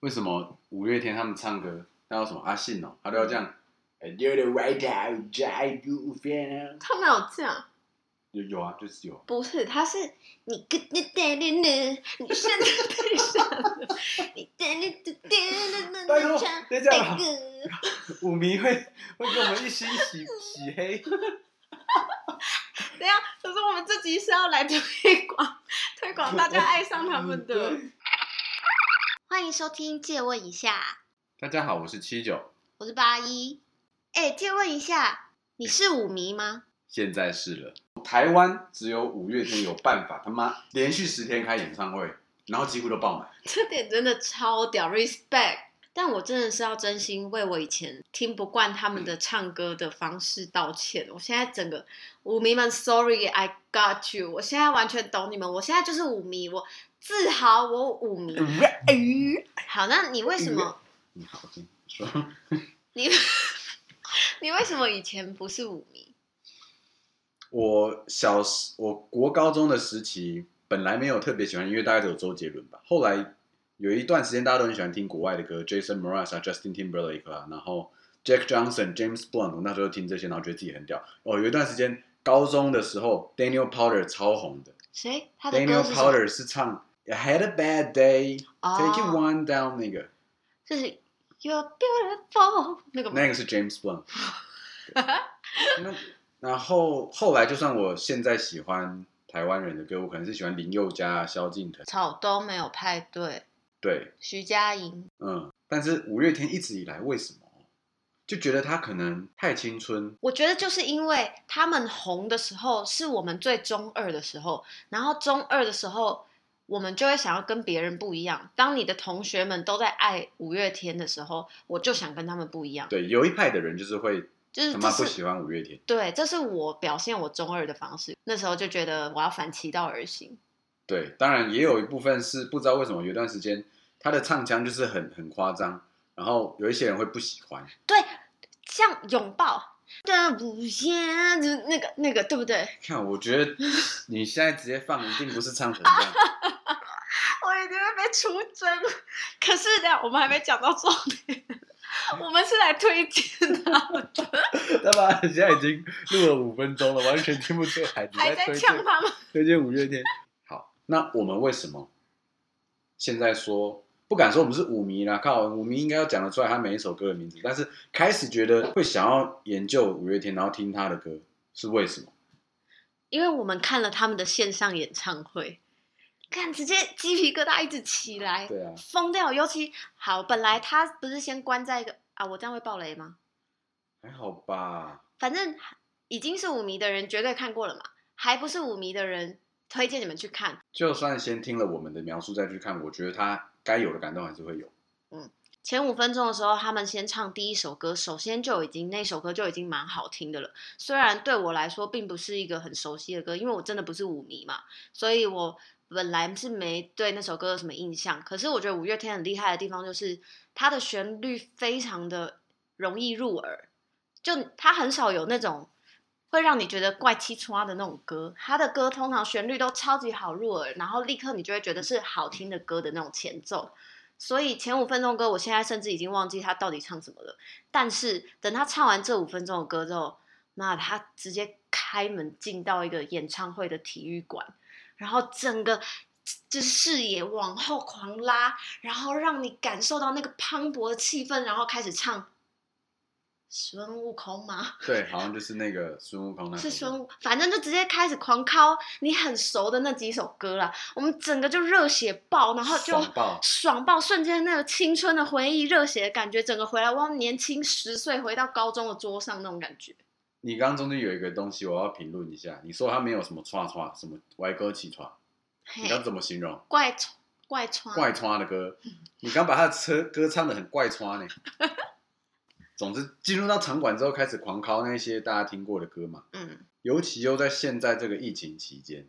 為什麼五月天他們唱歌，還有什麼阿信哦，他都要這樣。他哪有這樣？有有啊，就是有。不是，他是你你你笑的太傻了。你帶的的的的的的，帶哥。五迷會會跟我們一起洗洗黑。對呀，可是我們這集是要來推廣，推廣大家愛上他們的。歡迎收聽，借問一下。大家好，我是七九，我是八一。哎、欸，借問一下，你是五迷嗎？現在是了。台灣只有五月天有辦法， 他媽連續十天開演唱會，然後幾乎都爆滿。這點真的超屌，respect。但我真的是要真心為我以前聽不慣他們的唱歌的方式道歉。嗯、我現在整個五迷們，sorry，I got you。我現在完全懂你們，我現在就是五迷，我。自豪，我五迷。 好，那你為什麼？ 你好聽，你你為什麼以前不是五迷？我小我國高中的時期，本來沒有特別喜歡，因為大概只有周杰倫吧。後來有一段時間，大家都很喜歡聽國外的歌，Jason Mraz o 啊，Justin Timberlake 啊，然後 Jack Johnson、James Blunt，我那時候聽這些，然後覺得自己很屌。哦，有一段時間高中的時候，Daniel Powter 超紅的，誰？Daniel Powter 是唱。I had a bad day.、Oh, take you one down, nigga.、那個，就是 You're beautiful 那個那個是 James Blunt。然後後來，就算我現在喜歡台灣人的歌，我可能是喜歡林宥嘉、蕭敬騰、草東沒有派對，對徐佳瑩。嗯，但是五月天一直以來為什麼就覺得他可能太青春？我覺得就是因為他們紅的時候是我們最中二的時候，然後中二的時候。我們就會想要跟別人不一樣。當你的同學們都在愛五月天的時候，我就想跟他們不一樣。對，有一派的人就是會，就是，是他媽不喜歡五月天。對，這是我表現我中二的方式。那時候就覺得我要反其道而行。對，當然也有一部分是不知道為什麼，有一段時間他的唱腔就是很很誇張，然後有一些人會不喜歡。對，像擁抱，對、嗯、啊，不先那個那個，對不對？看，我覺得你現在直接放 一定不是唱成這樣。 出征，可是呢，我們還沒講到重點。我們是來推薦他們的，對吧？現在已經錄了五分鐘了，完全聽不出來。在還在嗆他們？推薦五月天。好，那我們為什麼現在說不敢說我們是五迷啦？靠，五迷應該要講得出來他每一首歌的名字。但是開始覺得會想要研究五月天，然後聽他的歌，是為什麼？因為我們看了他們的線上演唱會。看，直接雞皮疙瘩一直起來，對啊，瘋掉。尤其好，本來他不是先關在一個啊，我這樣會爆雷嗎？還好吧，反正已經是五迷的人，絕對看過了嘛。還不是五迷的人，推薦你們去看。就算先聽了我們的描述再去看，我覺得他該有的感動還是會有。嗯，前五分鐘的時候，他們先唱第一首歌，首先就已經那首歌就已經蠻好聽的了。雖然對我來說並不是一個很熟悉的歌，因為我真的不是五迷嘛，所以我。本來是沒對那首歌有什麼印象，可是我覺得五月天很厲害的地方就是，他的旋律非常的容易入耳，就他很少有那種會讓你覺得怪奇抓的那種歌，他的歌通常旋律都超級好入耳，然後立刻你就會覺得是好聽的歌的那種前奏，所以前五分鐘歌我現在甚至已經忘記他到底唱什麼了，但是等他唱完這五分鐘的歌之後，那他直接開門進到一個演唱會的體育館。然後整個就是視野往後狂拉，然後讓你感受到那個磅礴的氣氛，然後開始唱孫悟空嗎？對，好像就是那個孫悟空那，那是孫悟，反正就直接開始狂敲你很熟的那幾首歌了。我們整個就熱血爆，然後就爽爆，瞬間那個青春的回憶、熱血的感覺，整個回來，我年輕十歲，回到高中的桌上那種感覺。你剛剛中間有一個東西，我要評論一下。你說他沒有什麼唰唰什麼歪歌起床，你剛怎麼形容？怪唰，怪唰，怪唰的歌。嗯、你剛把他的車歌唱的很怪唰呢。 總之，進入到場館之後，開始狂靠那些大家聽過的歌嘛。嗯、尤其又在現在這個疫情期間，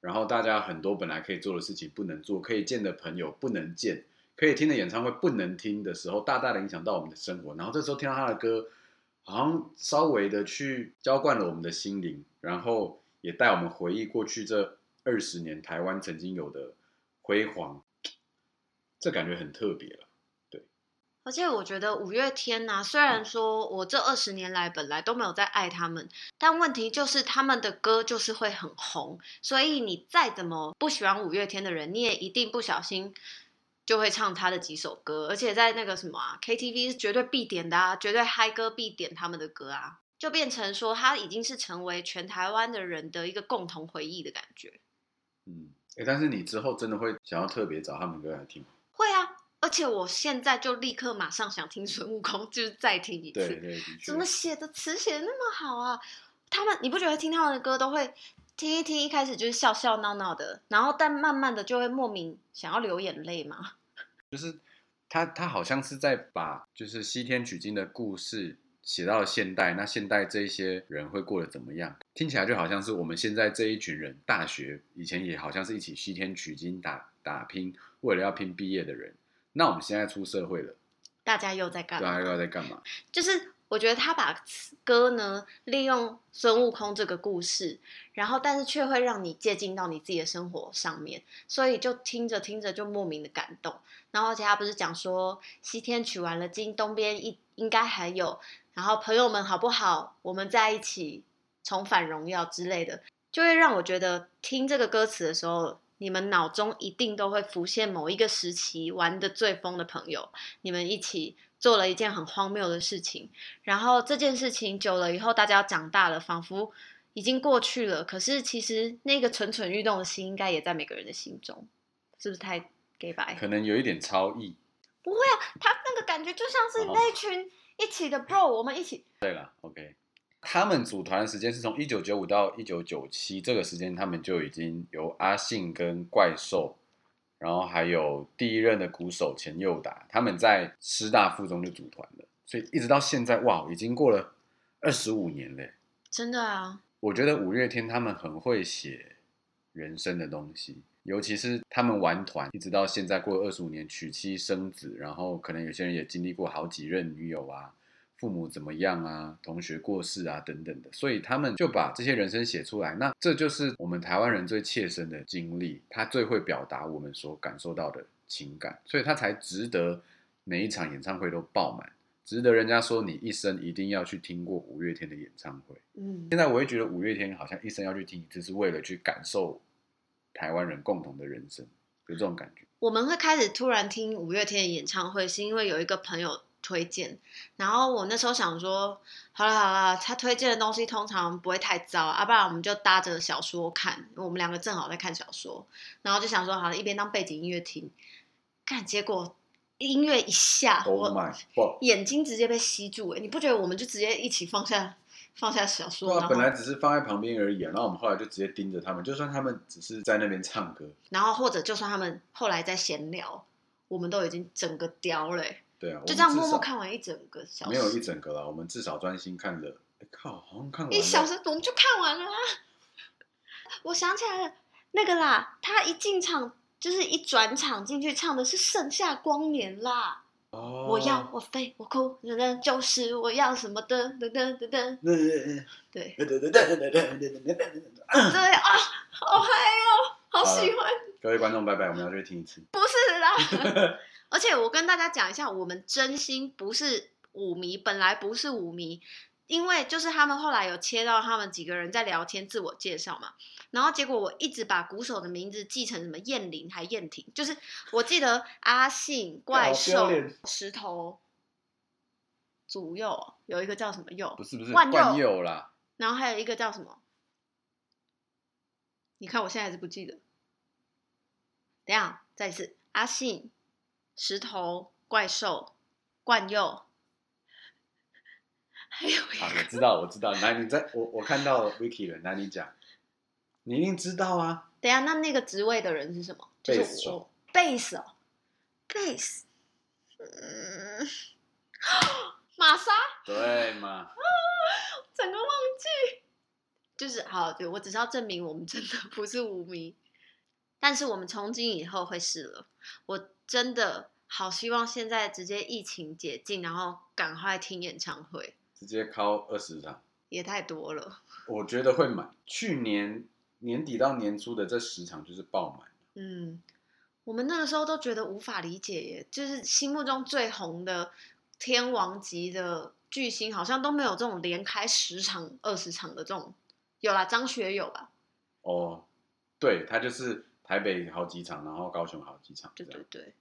然後大家很多本來可以做的事情不能做，可以見的朋友不能見，可以聽的演唱會不能聽的時候，大大的影響到我們的生活。然後這時候聽到他的歌，好像稍微的去澆灌了我們的心靈，然後也帶我們回憶過去這二十年台灣曾經有的輝煌，這感覺很特別了，對。而且我覺得五月天呢、啊，雖然說我這二十年來本來都沒有在愛他們，嗯、但問題就是他們的歌就是會很紅，所以你再怎麼不喜歡五月天的人，你也一定不小心。就會唱他的幾首歌，而且在那個什麼啊 KTV 是絕對必點的啊，絕對嗨歌必點他們的歌啊，就變成說他已經是成為全台灣的人的一個共同回憶的感覺。嗯、欸，但是你之後真的會想要特別找他們的歌來聽？會啊，而且我現在就立刻馬上想聽孫悟空，嗯、就是再聽一次，對對，怎麼寫的詞寫那麼好啊？他們你不覺得聽他們的歌都會？聽一聽，一開始就是笑笑鬧鬧的，然後但慢慢的就會莫名想要流眼淚嘛。就是他他好像是在把就是西天取經的故事寫到了現代，那現代這一些人會過得怎麼樣？聽起來就好像是我們現在這一群人，大學以前也好像是一起西天取經打打拼，為了要拼畢業的人，那我們現在出社會了，大家又在幹嘛？大家又在幹嘛？就是。我覺得他把歌呢利用孫悟空這個故事，然後但是卻會讓你接近到你自己的生活上面，所以就聽着聽着就莫名的感動。然後其他不是講說西天取完了經，東邊一應該還有，然後朋友們好不好，我們在一起重返榮耀之類的，就會讓我覺得聽這個歌詞的時候。你們腦中一定都會浮現某一個時期玩得最瘋的朋友，你們一起做了一件很荒謬的事情，然後這件事情久了以後，大家長大了，仿佛已經過去了。可是其實那個蠢蠢欲動的心，應該也在每個人的心中，是不是太 gay？可能有一點超意，不會啊，他那個感覺就像是那群一起的 pro，我們一起。對了，OK。他們組團的時間是從一九九五到一九九七，這個時間他們就已經由阿信跟怪獸，然後還有第一任的鼓手錢佑達，他們在師大附中就組團了，所以一直到現在，哇，已經過了二十五年嘞！真的啊，我覺得五月天他們很會寫人生的東西，尤其是他們玩團，一直到現在過了二十五年，娶妻生子，然後可能有些人也經歷過好幾任女友啊。父母怎麼樣啊？同學過世啊，等等的，所以他們就把這些人生寫出來。那這就是我們台灣人最切身的經歷，他最會表達我們所感受到的情感，所以他才值得每一場演唱會都爆滿，值得人家說你一生一定要去聽過五月天的演唱會。嗯，現在我也覺得五月天好像一生要去聽，就是為了去感受台灣人共同的人生，有這種感覺。我們會開始突然聽五月天的演唱會，是因為有一個朋友推薦，然後我那時候想說，好了好了，他推薦的東西通常不會太糟啊，不然我們就搭着小說看。我們兩個正好在看小說，然後就想說，好了，一邊當背景音樂聽。看結果音樂一下，我的媽,眼睛直接被吸住、欸，哎，你不覺得？我們就直接一起放下，放下小說。對啊，本來只是放在旁邊而已、啊，嗯、然後我們後來就直接盯着他們，就算他們只是在那邊唱歌，然後或者就算他們後來在閒聊，我們都已經整個叼嘞、欸。對啊，就這樣默默看完一整個小沒有一整個啦，我們至少專心看着、欸、靠，好像看了一小時，我們就看完了、啊。我想起來了，那個啦，他一進場就是一轉場進去唱的是《盛夏光年》啦。哦、oh.，我要我飛我哭人噔，就是我要什麼的等等，等等，噔噔噔，對對對對對對啊，好嗨喲、哦，好喜歡。各位觀眾拜拜，我們要去聽一次。不是啦。 而且我跟大家講一下，我們真心不是五迷，本來不是五迷，因為就是他們後來有切到他們幾個人在聊天自我介紹嘛，然後結果我一直把鼓手的名字記成什麼燕玲還燕婷，就是我記得阿信怪獸、怪獸、石頭，左右有一個叫什麼佑，不是不是萬佑幼啦，然後還有一個叫什麼，你看我現在還是不記得，等下再一次阿信。石頭怪獸，冠佑，還有我知道我知道，來 你在我我看到 Vicky 了，了，來你講，你一定知道啊！等一下，那那個職位的人是什麼？貝斯、就是、手，貝斯手、哦，貝斯手、嗯啊，瑪莎，對嘛嗎、啊？整個忘記，就是好，對我只是要證明我們真的不是五迷。但是我們從今以後會是了，我真的好希望現在直接疫情解禁，然後趕快聽演唱會，直接開二十場也太多了。我覺得會滿，去年年底到年初的這十場就是爆滿。嗯，我們那個時候都覺得無法理解耶，就是心目中最紅的天王級的巨星，好像都沒有這種連開十場、二十場的這種。有啦，張學友吧？哦、oh，對他就是。台北好幾場，然後高雄好幾場，對對對。這樣，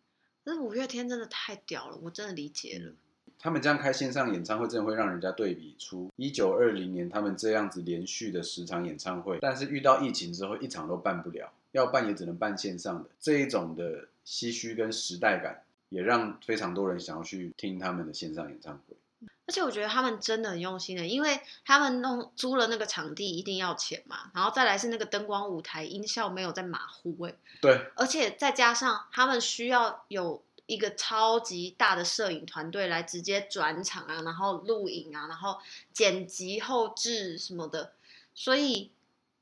但五月天真的太屌了，我真的理解了。他們這樣開線上演唱會，真的會讓人家對比出一九二零年他們這樣子連續的十場演唱會，但是遇到疫情之後一場都辦不了，要辦也只能辦線上的。這一種的唏噓跟時代感，也讓非常多人想要去聽他們的線上演唱會。而且我覺得他們真的很用心耶，因為他們弄租了那個場地一定要錢嘛，然後再來是那個燈光舞台、音效沒有在馬虎耶，對，而且再加上他們需要有一個超級大的攝影團隊來直接轉場啊，然後錄影啊，然後剪輯後製什麼的，所以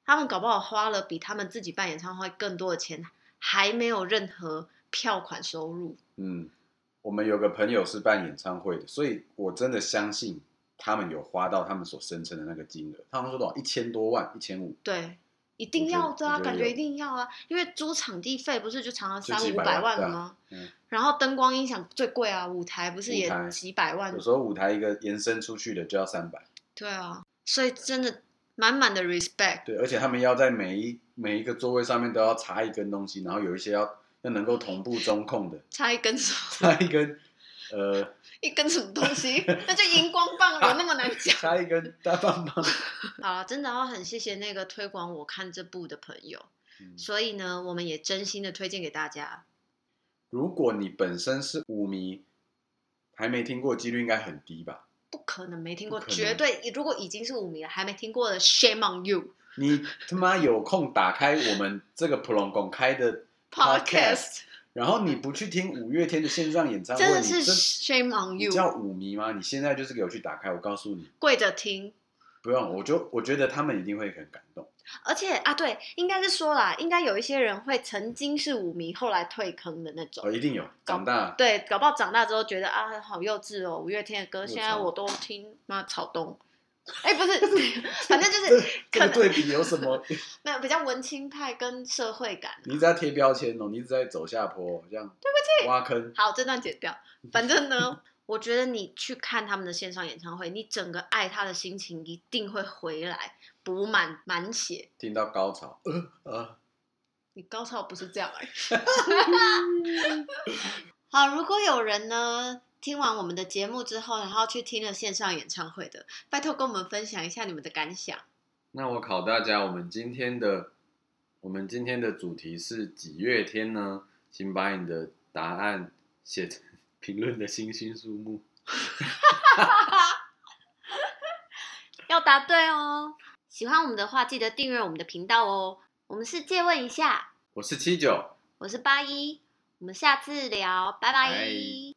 他們搞不好花了比他們自己辦演唱會更多的錢，還沒有任何票款收入，嗯。我們有個朋友是辦演唱會的，所以我真的相信他們有花到他們所聲稱的那個金額。他們說的，一千多萬，一千五。對，一定要的啊，覺感覺一定要啊，因為租場地費不是就長了三五百萬了嗎？嗯。然後燈光音響最貴啊，舞台不是也幾百萬？有時候舞台一個延伸出去的就要三百。對啊，所以真的滿滿的 respect。對，而且他們要在每一每一個座位上面都要插一根東西，然後有一些要。那能夠同步中控的，插一,一根，插一根，呃，一根什麼東西？那就熒光棒了，啊、那麼難講。插一根大棒棒。好了，真的要很謝謝那個推廣我看這部的朋友，嗯、所以呢，我們也真心的推薦給大家。如果你本身是五迷，還沒聽過，幾率應該很低吧？不可能沒聽過，絕對。如果已經是五迷了，還沒聽過的，Shame on you！你他媽有空打開我們這個普隆廣開的。Podcast，, Podcast 然後你不去聽五月天的線上演唱會，真的是真 Shame on you！叫五迷嗎？你現在就是給我去打開，我告訴你，跪着聽，不用，我就我覺得他們一定會很感動。而且啊，對，應該是說啦，應該有一些人會曾經是五迷，後來退坑的那種，哦，一定有，長大對，搞不好長大之後覺得啊，好幼稚哦，五月天的歌，現在我都聽媽草東哎，欸、不是，反正就是可能，這個、對比有什麼？沒有，比較文青派跟社會感、啊。你一直在貼標籤哦，你一直在走下坡，這樣。對不起。挖坑。好，這段剪掉。反正呢， 我覺得你去看他們的線上演唱會，你整個愛他的心情一定會回來，補滿滿血。聽到高潮？呃呃。你高潮不是這樣而已、哎。 好，如果有人呢？聽完我們的節目之後，然後去聽了線上演唱會的，拜託跟我們分享一下你們的感想。那我考大家，我們今天的我們今天的主題是幾月天呢？請把你的答案寫成評論的星星數目。 要答對哦。喜歡我們的話，記得訂閱我們的頻道哦。我們是借問一下，我是七九，我是八一，我們下次聊，拜拜。